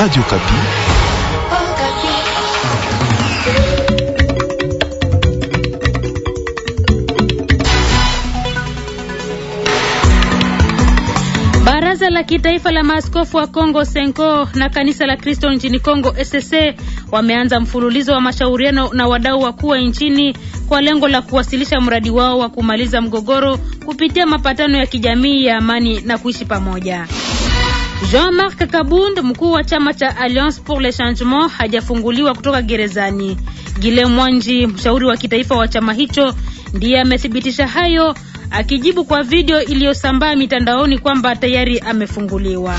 Radio Kapi. Baraza la kitaifa la maaskofu wa Kongo Senko na kanisa la Kristo nchini Kongo SSC wameanza mfululizo wa mashauriano na wadau wakuu wa nchini kwa lengo la kuwasilisha mradi wao wa kumaliza mgogoro kupitia mapatano ya kijamii ya amani na kuishi pamoja. Jean-Marc Kabund, mkuu wa chama cha Alliance pour le Changement, hajafunguliwa kutoka gerezani. Gile Mwanji, mshauri wa kitaifa wa chama hicho, ndiye amethibitisha hayo akijibu kwa video iliyosambaa mitandaoni kwamba tayari amefunguliwa.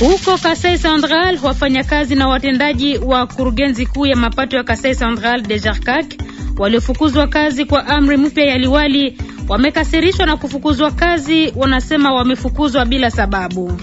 Huko Kasai Central, wafanyakazi na watendaji wa kurugenzi kuu ya mapato ya Kasai Central de Jarcac waliofukuzwa kazi kwa amri mpya ya liwali wamekasirishwa na kufukuzwa kazi, wanasema wamefukuzwa bila sababu.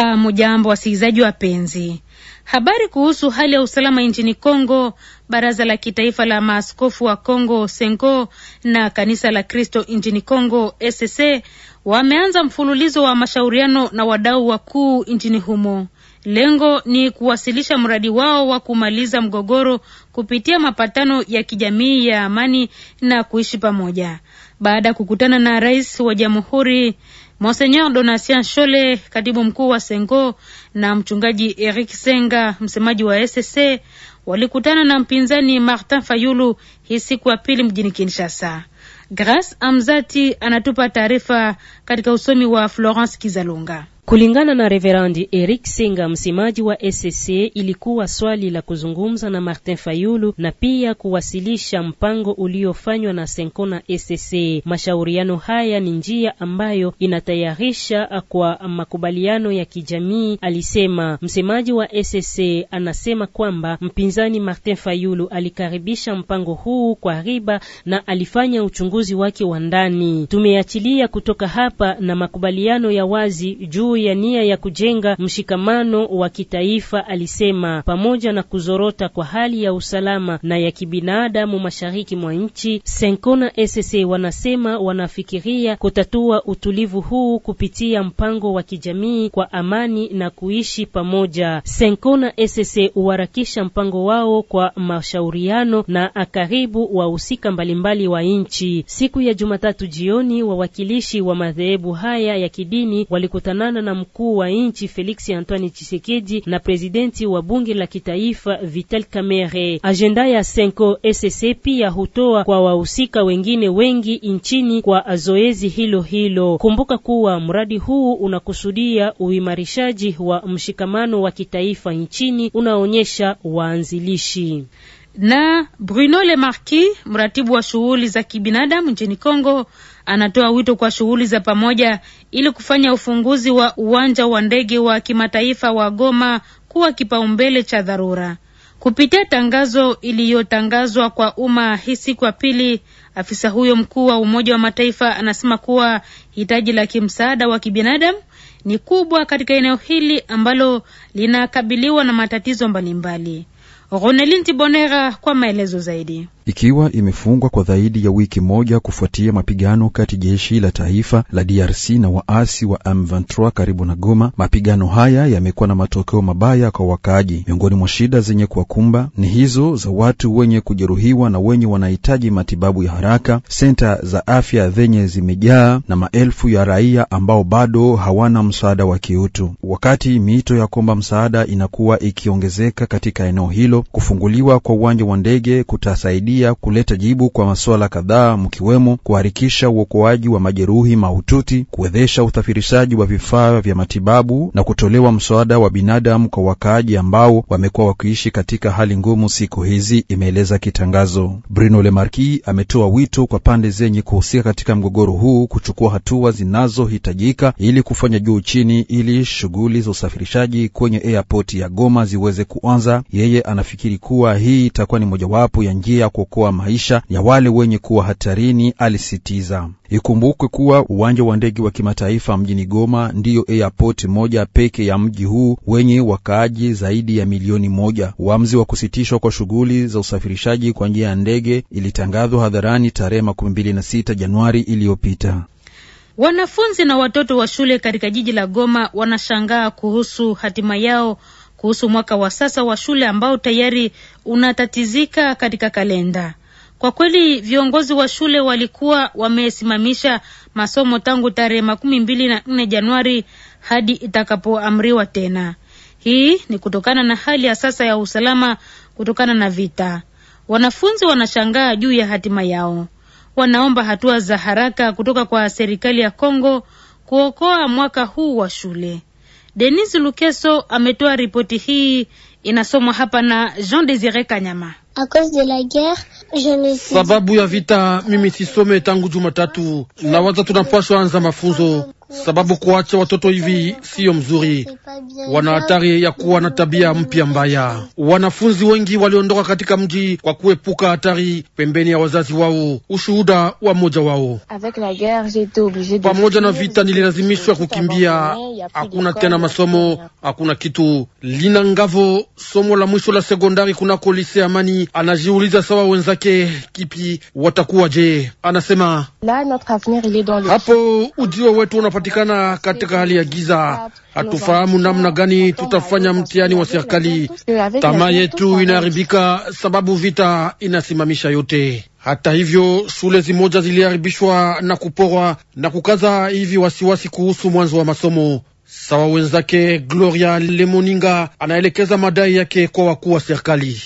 Hamujambo wasikilizaji wapenzi, habari kuhusu hali ya usalama nchini Kongo. Baraza la kitaifa la maaskofu wa Kongo Senko na kanisa la Kristo nchini Kongo SSE wameanza mfululizo wa mashauriano na wadau wakuu nchini humo. Lengo ni kuwasilisha mradi wao wa kumaliza mgogoro kupitia mapatano ya kijamii ya amani na kuishi pamoja. Baada ya kukutana na rais wa jamhuri Monseigneur Donatien Shole, katibu mkuu wa Sengo, na mchungaji Eric Senga, msemaji wa SSC, walikutana na mpinzani Martin Fayulu hii siku ya pili mjini Kinshasa. Grace Amzati anatupa taarifa katika usomi wa Florence Kizalunga. Kulingana na Reverandi Eric Singa, msemaji wa SSE, ilikuwa swali la kuzungumza na Martin Fayulu na pia kuwasilisha mpango uliofanywa na Senko na SSE. Mashauriano haya ni njia ambayo inatayarisha kwa makubaliano ya kijamii, alisema msemaji wa SSE. Anasema kwamba mpinzani Martin Fayulu alikaribisha mpango huu kwa riba na alifanya uchunguzi wake wa ndani. Tumeachilia kutoka hapa na makubaliano ya wazi juu ya nia ya kujenga mshikamano wa kitaifa alisema pamoja na kuzorota kwa hali ya usalama na ya kibinadamu mashariki mwa nchi, Senko na wanasema wanafikiria kutatua utulivu huu kupitia mpango wa kijamii kwa amani na kuishi pamoja. Senko na huharakisha mpango wao kwa mashauriano na akaribu wahusika mbalimbali wa nchi. Siku ya Jumatatu jioni, wawakilishi wa madhehebu haya ya kidini walikutanana kukutana na mkuu wa nchi Felix Antoine Tshisekedi na presidenti wa bunge la kitaifa Vital Kamerhe. Ajenda ya Senko SSC pia hutoa kwa wahusika wengine wengi nchini kwa zoezi hilo hilo. Kumbuka kuwa mradi huu unakusudia uimarishaji wa mshikamano wa kitaifa nchini, unaonyesha waanzilishi na Bruno Marquis, mratibu wa shughuli za kibinadamu nchini Kongo anatoa wito kwa shughuli za pamoja ili kufanya ufunguzi wa uwanja wa ndege wa kimataifa wa Goma kuwa kipaumbele cha dharura. Kupitia tangazo iliyotangazwa kwa umma hii siku ya pili, afisa huyo mkuu wa Umoja wa Mataifa anasema kuwa hitaji la kimsaada wa kibinadamu ni kubwa katika eneo hili ambalo linakabiliwa na matatizo mbalimbali. Ronelinti bonera kwa maelezo zaidi ikiwa imefungwa kwa zaidi ya wiki moja kufuatia mapigano kati jeshi la taifa la DRC na waasi wa M23 karibu na Goma. Mapigano haya yamekuwa na matokeo mabaya kwa wakaaji. Miongoni mwa shida zenye kuwakumba ni hizo za watu wenye kujeruhiwa na wenye wanahitaji matibabu ya haraka, senta za afya zenye zimejaa na maelfu ya raia ambao bado hawana msaada wa kiutu. Wakati miito ya kuomba msaada inakuwa ikiongezeka katika eneo hilo, kufunguliwa kwa uwanja wa ndege kutasaidia pia kuleta jibu kwa masuala kadhaa mkiwemo kuharikisha uokoaji wa majeruhi mahututi, kuwezesha usafirishaji wa vifaa vya matibabu na kutolewa msaada wa binadamu kwa wakaaji ambao wamekuwa wakiishi katika hali ngumu siku hizi, imeeleza kitangazo. Bruno marki ametoa wito kwa pande zenye kuhusika katika mgogoro huu kuchukua hatua zinazohitajika ili kufanya juu chini ili shughuli za usafirishaji kwenye airport ya Goma ziweze kuanza. Yeye anafikiri kuwa hii itakuwa ni mojawapo ya njia ya kuokoa maisha ya wale wenye kuwa hatarini, alisitiza. Ikumbukwe kuwa uwanja wa ndege wa kimataifa mjini Goma ndiyo airport moja peke ya mji huu wenye wakaaji zaidi ya milioni moja. Uamuzi wa kusitishwa kwa shughuli za usafirishaji kwa njia ya ndege ilitangazwa hadharani tarehe makumi mbili na sita Januari iliyopita. Wanafunzi na watoto wa shule katika jiji la Goma wanashangaa kuhusu hatima yao kuhusu mwaka wa sasa wa shule ambao tayari unatatizika katika kalenda. Kwa kweli viongozi wa shule walikuwa wamesimamisha masomo tangu tarehe makumi mbili na nne Januari hadi itakapoamriwa tena. Hii ni kutokana na hali ya sasa ya usalama kutokana na vita. Wanafunzi wanashangaa juu ya hatima yao, wanaomba hatua za haraka kutoka kwa serikali ya Kongo kuokoa mwaka huu wa shule. Denis Lukeso ametoa ripoti hii, inasomwa hapa na Jean Desire Kanyama. Sababu ya vita, mimi sisome tangu Jumatatu na waza, tunapashwa anza mafunzo sababu kuacha watoto hivi siyo mzuri. Wana hatari ya kuwa na tabia mpya mbaya. Wanafunzi wengi waliondoka katika mji kwa kuepuka hatari pembeni ya wazazi wao. Ushuhuda wa mmoja wao: pamoja na vita nililazimishwa kukimbia, hakuna tena masomo, hakuna kitu. Lina Ngavo, somo la mwisho la sekondari kunako lise Amani, anajiuliza sawa wenzake, kipi watakuwa je? Anasema hapo ujio wetu unapata tunapatikana katika hali ya giza, hatufahamu namna gani tutafanya mtihani wa serikali. Tamaa yetu inaharibika, sababu vita inasimamisha yote. Hata hivyo, shule zimoja ziliharibishwa na kuporwa na kukaza hivi wasiwasi kuhusu mwanzo wa masomo sawa wenzake Gloria Lemoninga anaelekeza madai yake kwa wakuu wa serikali.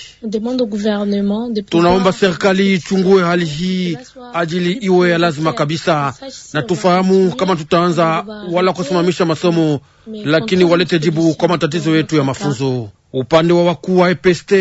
Tunaomba serikali ichungue hali hii ajili iwe ya lazima kabisa, na tufahamu kama tutaanza wala kusimamisha masomo, lakini walete jibu kwa matatizo yetu ya mafunzo. Upande wa wakuu wa EPST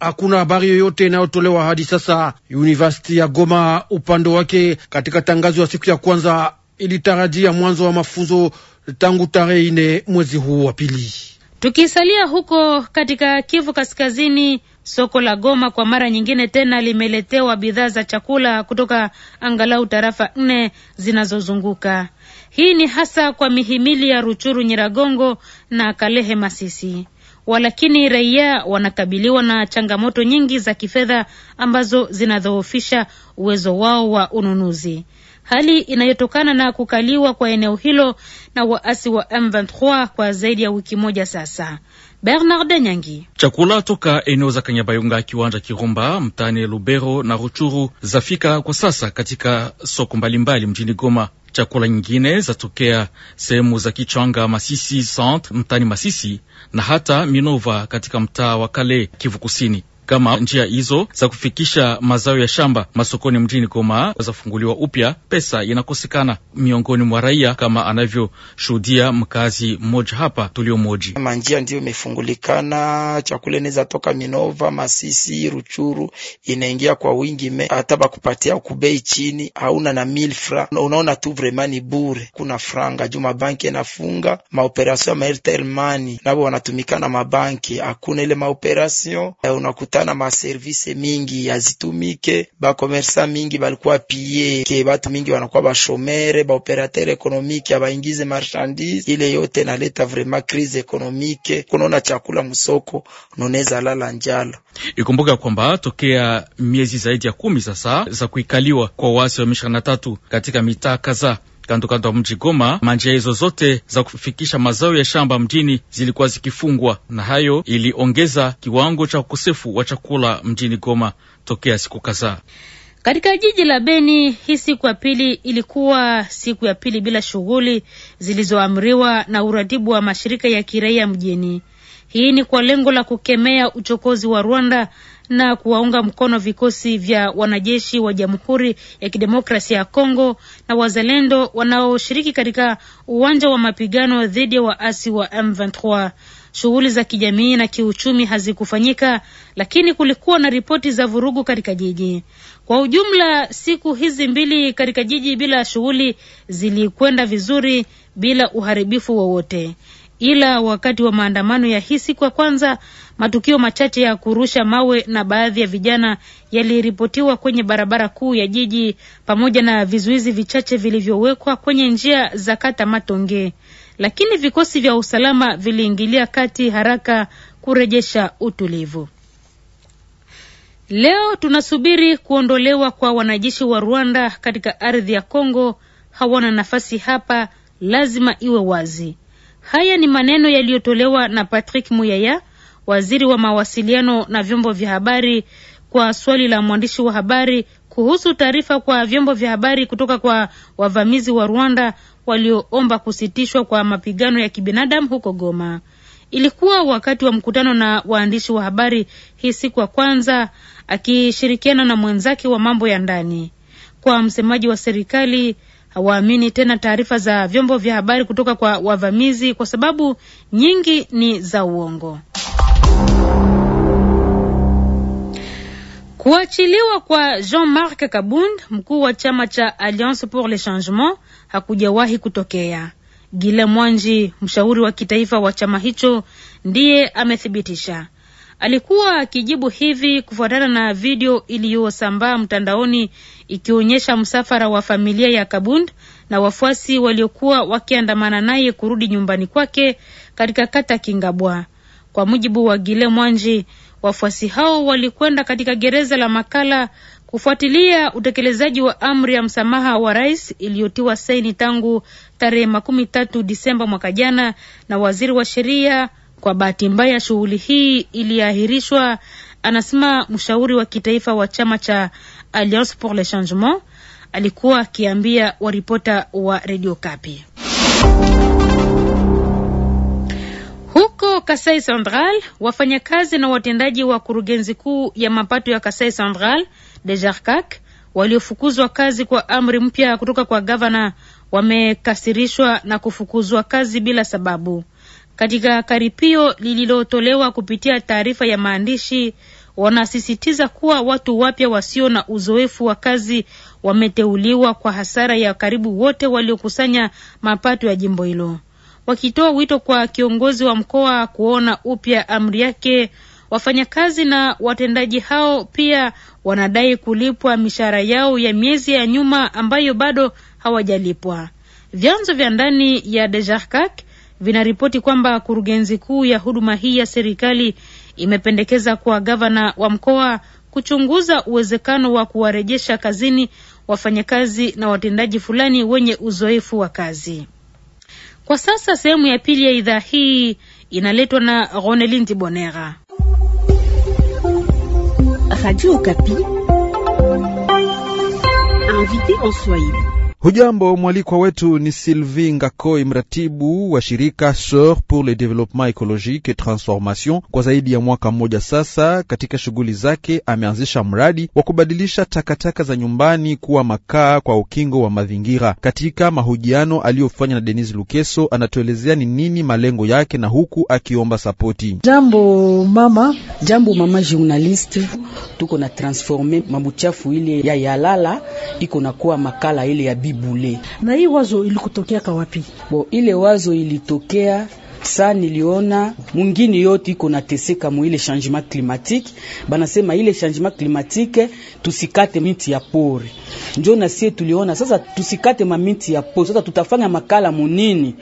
hakuna habari yoyote inayotolewa hadi sasa. University ya Goma upande wake, katika tangazo ya siku ya kwanza, ilitarajia mwanzo wa mafunzo tangu tarehe ine mwezi huu wa pili. Tukisalia huko katika Kivu Kaskazini, soko la Goma kwa mara nyingine tena limeletewa bidhaa za chakula kutoka angalau tarafa nne zinazozunguka. Hii ni hasa kwa mihimili ya Ruchuru, Nyiragongo na Kalehe, Masisi. Walakini raia wanakabiliwa na changamoto nyingi za kifedha ambazo zinadhoofisha uwezo wao wa ununuzi hali inayotokana na kukaliwa kwa eneo hilo na waasi wa M23 kwa zaidi ya wiki moja sasa. Bernard Nyangi. Chakula toka eneo za Kanyabayonga, kiwanja Kirumba, mtaani Lubero na Ruchuru zafika kwa sasa katika soko mbalimbali mjini Goma. Chakula nyingine zatokea sehemu za Kichanga, Masisi Centre mtaani Masisi na hata Minova katika mtaa wa Kale, Kivu Kusini kama njia hizo za kufikisha mazao ya shamba masokoni mjini Goma zafunguliwa upya, pesa inakosekana miongoni mwa raia, kama anavyoshuhudia mkazi mmoja hapa tuliomoji. Manjia ndiyo imefungulikana, chakula inaweza toka Minova, Masisi, Ruchuru, inaingia kwa wingi me hata bakupatia kubei chini, hauna na milfra. Unaona tu vremani bure, kuna franga juu mabanki yanafunga maoperasio ya ma Airtel Money, nabo wanatumikana mabanki, hakuna ile maoperasio eh, unakuta kutana maservise mingi azitumike, bakomersa mingi balikuwa pie ke batu mingi wanakuwa bashomere, baoperateur ekonomike abaingize marchandise ile yote naleta vraiment crise ekonomike, kunaona chakula musoko noneza lala njala. Ikumbuka kwamba tokea miezi zaidi ya kumi sasa za kuikaliwa kwa wasi wa M23 katika mitaa kadhaa kandokando ya mji Goma. Manjia hizo zote za kufikisha mazao ya shamba mjini zilikuwa zikifungwa, na hayo iliongeza kiwango cha ukosefu wa chakula mjini Goma tokea siku kadhaa. Katika jiji la Beni hii siku ya pili ilikuwa siku ya pili bila shughuli zilizoamriwa na uratibu wa mashirika ya kiraia mjini. Hii ni kwa lengo la kukemea uchokozi wa Rwanda na kuwaunga mkono vikosi vya wanajeshi wa Jamhuri ya Kidemokrasia ya Kongo na wazalendo wanaoshiriki katika uwanja wa mapigano dhidi ya waasi wa M23. Shughuli za kijamii na kiuchumi hazikufanyika, lakini kulikuwa na ripoti za vurugu katika jiji kwa ujumla. Siku hizi mbili katika jiji bila shughuli zilikwenda vizuri bila uharibifu wowote ila wakati wa maandamano ya hii siku ya kwanza matukio machache ya kurusha mawe na baadhi ya vijana yaliripotiwa kwenye barabara kuu ya jiji pamoja na vizuizi vichache vilivyowekwa kwenye njia za kata Matonge, lakini vikosi vya usalama viliingilia kati haraka kurejesha utulivu. Leo tunasubiri kuondolewa kwa wanajeshi wa Rwanda katika ardhi ya Kongo. Hawana nafasi hapa, lazima iwe wazi. Haya ni maneno yaliyotolewa na Patrick Muyaya, waziri wa mawasiliano na vyombo vya habari, kwa swali la mwandishi wa habari kuhusu taarifa kwa vyombo vya habari kutoka kwa wavamizi wa Rwanda walioomba kusitishwa kwa mapigano ya kibinadamu huko Goma. Ilikuwa wakati wa mkutano na waandishi wa habari hii siku ya kwanza, akishirikiana na mwenzake wa mambo ya ndani. Kwa msemaji wa serikali, hawaamini tena taarifa za vyombo vya habari kutoka kwa wavamizi kwa sababu nyingi ni za uongo. Kuachiliwa kwa Jean-Marc Kabund, mkuu wa chama cha Alliance pour le Changement, hakujawahi kutokea. Gile Mwanji, mshauri wa kitaifa wa chama hicho, ndiye amethibitisha. Alikuwa akijibu hivi kufuatana na video iliyosambaa mtandaoni ikionyesha msafara wa familia ya Kabund na wafuasi waliokuwa wakiandamana naye kurudi nyumbani kwake katika kata Kingabwa. Kwa mujibu wa Gile Mwanji, wafuasi hao walikwenda katika gereza la Makala kufuatilia utekelezaji wa amri ya msamaha wa rais iliyotiwa saini tangu tarehe makumi tatu Disemba mwaka jana na waziri wa sheria kwa bahati mbaya, shughuli hii iliahirishwa, anasema mshauri wa kitaifa wa chama cha Alliance pour le Changement alikuwa akiambia waripota wa Radio Kapi. Huko Kasai Central, wafanyakazi na watendaji wa kurugenzi kuu ya mapato ya Kasai Central Jarkak waliofukuzwa kazi kwa amri mpya kutoka kwa gavana wamekasirishwa na kufukuzwa kazi bila sababu. Katika karipio lililotolewa kupitia taarifa ya maandishi, wanasisitiza kuwa watu wapya wasio na uzoefu wa kazi wameteuliwa kwa hasara ya karibu wote waliokusanya mapato ya jimbo hilo, wakitoa wito kwa kiongozi wa mkoa kuona upya amri yake. Wafanyakazi na watendaji hao pia wanadai kulipwa mishahara yao ya miezi ya nyuma ambayo bado hawajalipwa. Vyanzo vya ndani ya Dejarkak vinaripoti kwamba kurugenzi kuu ya huduma hii ya serikali imependekeza kwa gavana wa mkoa kuchunguza uwezekano wa kuwarejesha kazini wafanyakazi na watendaji fulani wenye uzoefu wa kazi. Kwa sasa sehemu ya pili ya idhaa hii inaletwa na Ronelin Bonera. Radio Okapi, invité en Swahili. Hujambo, mwalikwa wetu ni Sylvie Ngakoi, mratibu wa shirika Sor pour le Développement Écologique et Transformation. Kwa zaidi ya mwaka mmoja sasa, katika shughuli zake ameanzisha mradi wa kubadilisha takataka za nyumbani kuwa makaa kwa ukingo wa mazingira. Katika mahojiano aliyofanya na Denis Lukeso, anatuelezea ni nini malengo yake na huku akiomba sapoti. Jambo mama, jambo mama journaliste, tuko na transforme mabuchafu ile ya yalala iko na kuwa makala ile ya Bule. Na hii wazo ilikutokea kawapi? Bo, ile wazo ilitokea saa niliona mwingine yote iko nateseka ile changement climatique, banasema ile changement climatique tusikate miti ya pori Njo na sie tuliona sasa tusikate mamiti ya po, sasa tutafanya makala munini.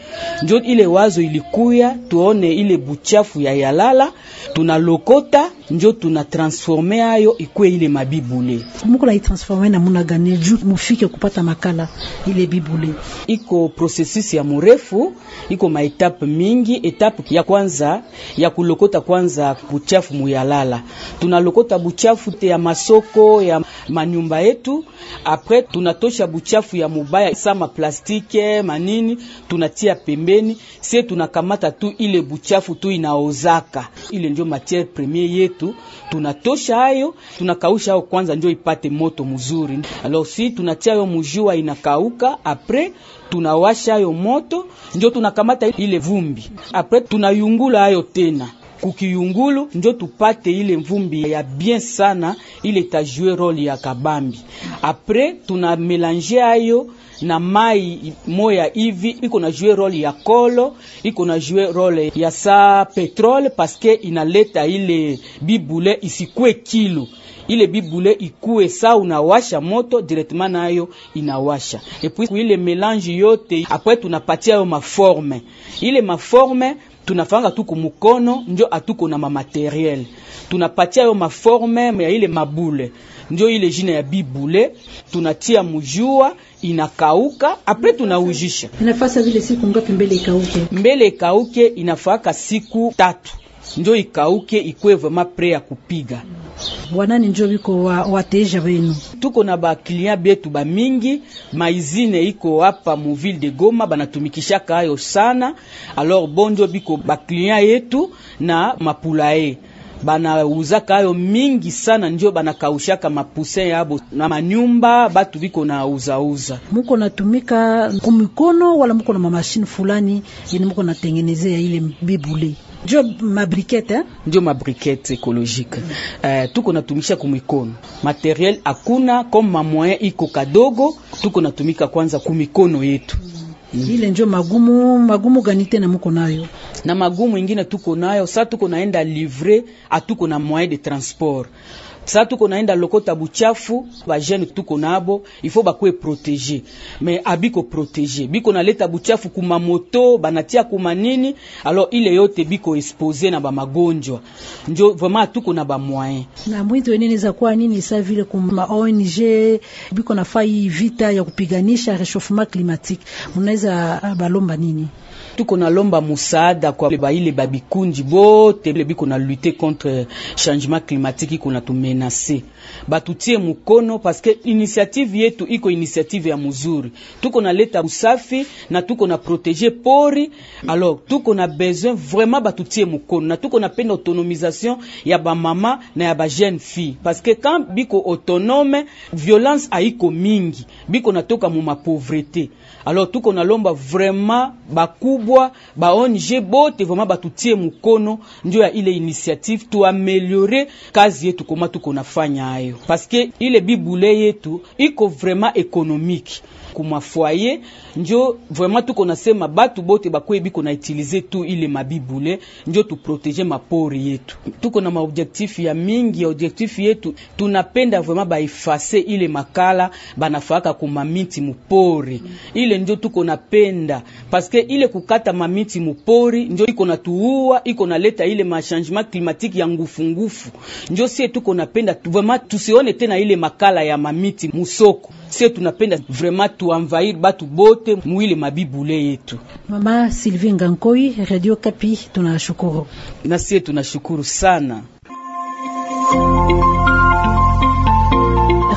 Njo ile wazo ilikuya, tuone ile buchafu ya yalala tunalokota, njo tuna tunatransforme ayo ikue ile mabibule. Muko la transforme na muna gani juu mufike kupata makala ile bibule? Iko processus ya murefu, iko maetape mingi. Etape ya kwanza ya kulokota kwanza buchafu muyalala, tunalokota buchafu te ya masoko ya manyumba yetu. Apres tunatosha buchafu ya mubaya sama plastike manini, tunatia pembeni. Sie tunakamata tu ile buchafu tu inaozaka, ile ndio matiere premier yetu. Tunatosha ayo tunakausha ayo kwanza, ndio ipate moto mzuri. Alors si tunatia yo mujua inakauka, apres tunawasha ayo moto, ndio tunakamata ile vumbi, apres tunayungula ayo tena kukiungulu njo tupate ile mvumbi ya bien sana, ile tajue role ya kabambi. Apres tuna melange ayo na mai moya hivi iko na jue role ya kolo, iko na jue role ya sa petrole, paske inaleta ile bibule isikue kilo ile bibule ikue saa unawasha moto directement nayo inawasha, epuis ile melange yote apre tunapatia yo maforme ile maforme tunafanga tuku kumukono njo atuko na mamateriel tunapatia yo maforme ya ile mabule njo ile jina ya bibule tunatia mujua inakauka apre tunaujisha. Inafasa vile siku ngapi mbele ikauke? Mbele ikauke inafaka siku tatu njo ikauke ikwe vrema pre ya kupiga bwanani, njo biko wateja wenu. Tuko na betu ba mingi maizine iko hapa mu ville de Goma banatumikishaka hayo sana. Alors bonjo biko bakliya yetu na mapulaye banauzaka ayo mingi sana, ndio banakaushaka mapusin yabo na manyumba batu viko na uzauza. Muko natumika kumikono wala muko na mamashini fulani yenye muko natengenezea ile bibule ndio mabrikete eh? Ndio mabrikete ekologike mm. Uh, eh, tuko natumisha kumikono, materiel akuna koma mamoyen iko kadogo, tuko natumika kwanza kumikono yetu mm. Mm. ile njo magumu magumu gani tena muko nayo na magumu ingine tuko nayo, sa tuko naenda livre, atuko na moyen de transport sasa tuko naenda lokota buchafu ba jeune tuko nabo, ifo bakwe proteger. mais abiko proteger. Biko naleta buchafu kuma moto, banatia kuma nini? Alors ile yote biko expose na ba magonjwa. Ndio vraiment tuko na ba moyen. Na mwito nini za kwa nini sasa vile kuma ONG biko na fai vita ya kupiganisha réchauffement climatique. Mnaweza balomba nini? tuko lomba musaada kwa baile babikundi bote biko na lute contre changement climatique a tout menacé. batutie mukono, paske inisiative yetu iko inisiative ya muzuri. Tuko naleta usafi na tuko na protege pori, alors tuko na besoin vraiment batutie mukono, na tuko napenda autonomisation ya bamama na ya bajene fille, paske quand biko autonome violence haiko mingi, biko natoka mu mapauvreté. Alors tuko nalomba vraiment bakubwa ba ONG bote vraiment batutie mukono, ndio ya ile inisiative tuameliore kazi yetu koma tuko nafanya hayo nayo, paske ile bibule yetu iko vraiment ekonomiki kumafwaye, njo vraiment tuko nasema batu bote bakoye biko na utilize tu ile mabibule, njo tuprotege mapori yetu. Tuko na maobjektifu ya mingi, ya objektifu yetu tunapenda vraiment baifase ile makala banafaka kumamiti mupori ile, njo tuko napenda paske ile kukata mamiti mupori njo iko natuua, iko naleta ile machangement climatique ya ngufu ngufu, njo sie tuko napenda vraiment tusione tena ile makala ya mamiti musoko, sie tunapenda vraiment tuamvairi batu bote mwile mabibule yetu. Mama Sylvie Ngankoi, Radio Kapi, tunashukuru. Na sie tunashukuru sana.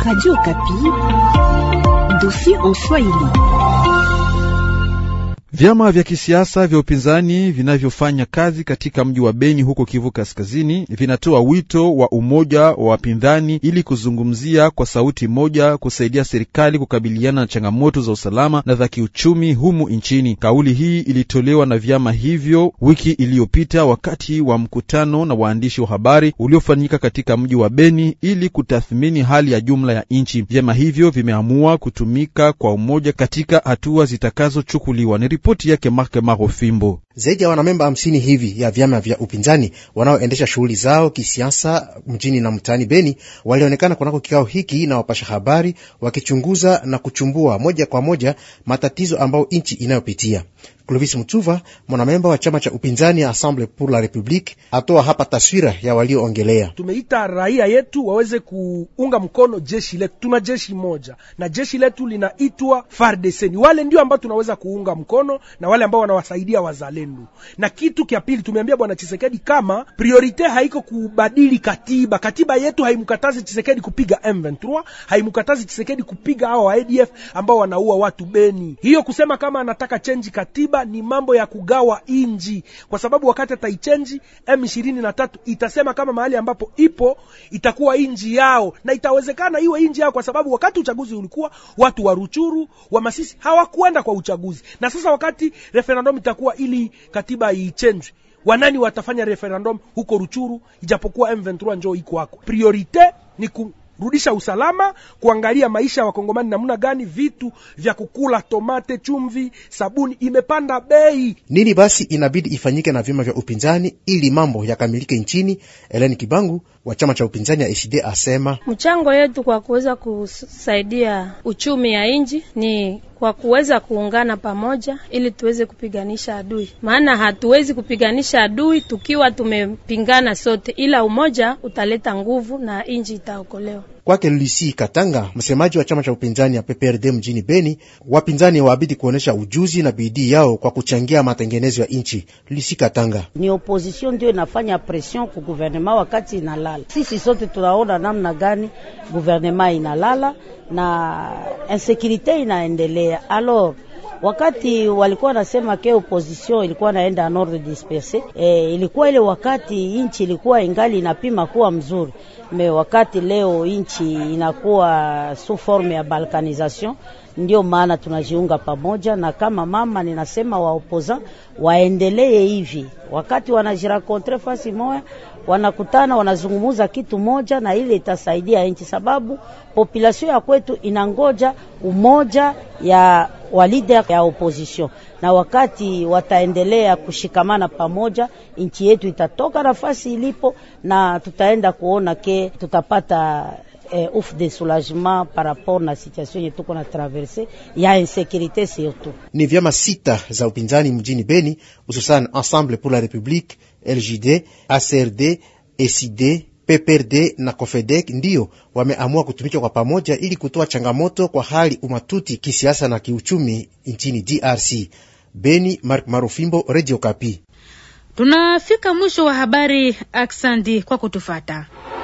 Radio Kapi, dossier en Swahili. Vyama vya kisiasa vya upinzani vinavyofanya kazi katika mji wa Beni huko Kivu Kaskazini vinatoa wito wa umoja wa wapinzani ili kuzungumzia kwa sauti moja kusaidia serikali kukabiliana na changamoto za usalama na za kiuchumi humu nchini. Kauli hii ilitolewa na vyama hivyo wiki iliyopita wakati wa mkutano na waandishi wa habari uliofanyika katika mji wa Beni ili kutathmini hali ya jumla ya nchi. Vyama hivyo vimeamua kutumika kwa umoja katika hatua zitakazochukuliwa. Ripoti yake Mark Marofimbo. Zaidi ya wanamemba hamsini hivi ya vyama vya upinzani wanaoendesha shughuli zao kisiasa mjini na mtaani Beni walionekana kunako kikao hiki na wapasha habari wakichunguza na kuchumbua moja kwa moja matatizo ambayo nchi inayopitia. Clovis Mtuva, mwanamemba wa chama cha upinzani Assemble pour la Republique, atoa hapa taswira ya walioongelea. Tumeita raia yetu waweze kuunga mkono jeshi letu. Tuna jeshi moja na jeshi letu linaitwa FARDC. Ni wale ndio ambao tunaweza kuunga mkono na wale ambao wanawasaidia wazalendo yenu. Na kitu kya pili tumeambia bwana Chisekedi kama priorite haiko kubadili katiba. Katiba yetu haimkatazi Chisekedi kupiga M23, haimkatazi Chisekedi kupiga hao wa ADF ambao wanaua watu Beni. Hiyo kusema kama anataka chenji katiba ni mambo ya kugawa inji, kwa sababu wakati ataichenji M23 itasema kama mahali ambapo ipo itakuwa inji yao, na itawezekana iwe inji yao kwa sababu wakati uchaguzi ulikuwa watu wa Ruchuru wa Masisi hawakwenda kwa uchaguzi, na sasa wakati referendum itakuwa ili katiba iichenjwe wanani watafanya referendum huko Ruchuru, ijapokuwa M23 njoo iko hako. Priorite ni kurudisha usalama, kuangalia maisha ya wakongomani namna gani, vitu vya kukula, tomate, chumvi, sabuni imepanda bei. Nini basi inabidi ifanyike na vyama vya upinzani ili mambo yakamilike nchini? Eleni Kibangu wa chama cha upinzani ya SID asema mchango yetu kwa kuweza kusaidia uchumi ya nchi ni kwa kuweza kuungana pamoja ili tuweze kupiganisha adui, maana hatuwezi kupiganisha adui tukiwa tumepingana sote, ila umoja utaleta nguvu na inji itaokolewa. Kwake Lusi Katanga, msemaji wa chama cha upinzani ya PPRD mjini Beni, wapinzani waabidi kuonyesha ujuzi na bidii yao kwa kuchangia matengenezo ya nchi. Lusi Katanga: ni opposition ndio inafanya pression ku guvernema wakati inalala. Sisi sote tunaona namna gani guvernema inalala na insekurite inaendelea alors wakati walikuwa nasema ke opposition ilikuwa naenda nord disperse e, ilikuwa ile wakati inchi ilikuwa ingali inapima kuwa mzuri me, wakati leo inchi inakuwa sous forme ya balkanisation ndio maana tunajiunga pamoja, na kama mama ninasema waopoza waendelee hivi, wakati wanajirakontre fasi moya wanakutana wanazungumuza kitu moja, na ile itasaidia nchi, sababu population ya kwetu inangoja umoja ya walida ya opposition, na wakati wataendelea kushikamana pamoja, nchi yetu itatoka nafasi ilipo, na tutaenda kuona ke tutapata eh, off de soulagement par rapport na situation yetu tuko na traverse ya insécurité surtout. Ni vyama sita za upinzani mjini Beni hususan Ensemble pour la République, LJD, ACRD, SID, PPRD na COFEDEC ndiyo wameamua kutumika kwa pamoja ili kutoa changamoto kwa hali umatuti kisiasa na kiuchumi nchini DRC. Beni, Mark Marufimbo, Radio Kapi. Tunafika mwisho wa habari. Aksandi kwa kutufata.